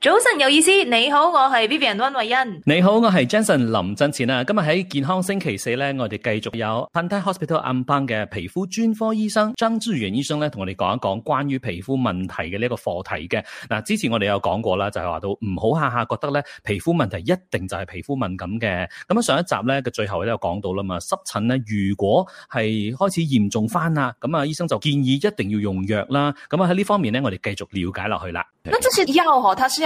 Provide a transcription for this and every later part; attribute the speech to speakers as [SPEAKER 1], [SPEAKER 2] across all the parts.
[SPEAKER 1] 早晨有意思，你好，我係 Vivian 溫慧欣。
[SPEAKER 2] 你好，我係 Jenson 林振前啊。今日喺健康星期四咧，我哋繼續有 Pantai Hospital Ampang 嘅皮膚專科醫生張志源醫生咧，同我哋講一講關於皮膚問題嘅呢個課題嘅。嗱、啊，之前我哋有講過啦，就係、是、話到唔好下下覺得咧皮膚問題一定就係皮膚敏感嘅。咁、啊、樣上一集咧嘅最後都有講到啦嘛，濕疹咧如果係開始嚴重翻啊，咁啊醫生就建議一定要用藥啦。咁啊喺呢方面咧，我哋繼續了解落去啦。咁
[SPEAKER 1] 即是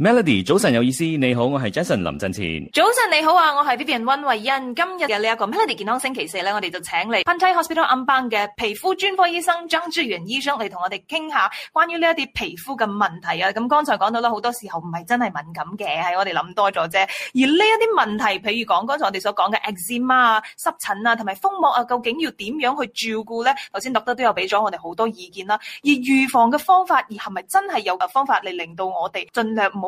[SPEAKER 2] Melody，早晨有意思，你好，我係 Jason 林振前。
[SPEAKER 1] 早晨你好啊，我係 Vivian 溫慧欣。今日嘅呢一個 Melody 健康星期四咧，我哋就請嚟 Pantai Hospital 暗邦嘅皮膚專科醫生張志源醫生嚟同我哋傾下關於呢一啲皮膚嘅問題啊。咁、嗯、剛才講到啦，好多時候唔係真係敏感嘅，係我哋諗多咗啫。而呢一啲問題，譬如講剛才我哋所講嘅 eczema 啊、濕疹啊、同埋風膜啊，究竟要點樣去照顧咧？頭先 doctor 都有俾咗我哋好多意見啦、啊。而預防嘅方法，而係咪真係有個方法嚟令到我哋盡量冇？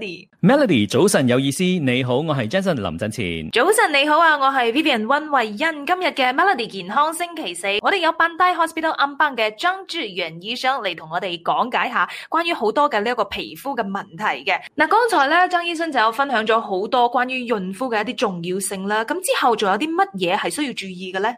[SPEAKER 2] Melody，早晨有意思，你好，我係 Jason 林振前。
[SPEAKER 1] 早晨你好啊，我係 Vivian 溫慧欣。今日嘅 Melody 健康星期四，我哋有班低 Hospital 暗班嘅張志源醫生嚟同我哋講解下關於好多嘅呢一個皮膚嘅問題嘅。嗱，剛才咧張醫生就有分享咗好多關於潤膚嘅一啲重要性啦。咁之後仲有啲乜嘢係需要注意嘅咧？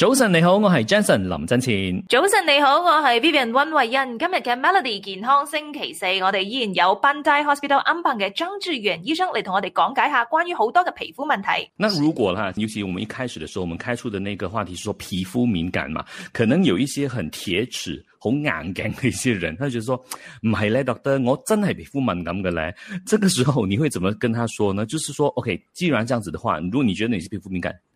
[SPEAKER 2] 早晨你好，我是 Jason 林真前。
[SPEAKER 1] 早晨你好，我是 Vivian 溫慧恩。今日嘅 Melody 健康星期四，我哋依然有 Bandai Hospital 安棒嘅張志源醫生嚟同我哋講解一下關於好多嘅皮膚問題。
[SPEAKER 2] 那如果啦，尤其我們一開始的時候，我們開出的那個話題是說皮膚敏感嘛，可能有一些很鐵齒、好硬頸嘅一些人，佢就說唔係咧，doctor，我真係皮膚敏感嘅咧。這個時候你會怎麼跟他說呢？就是說，OK，既然這樣子的話，如果你覺得你是皮膚敏感，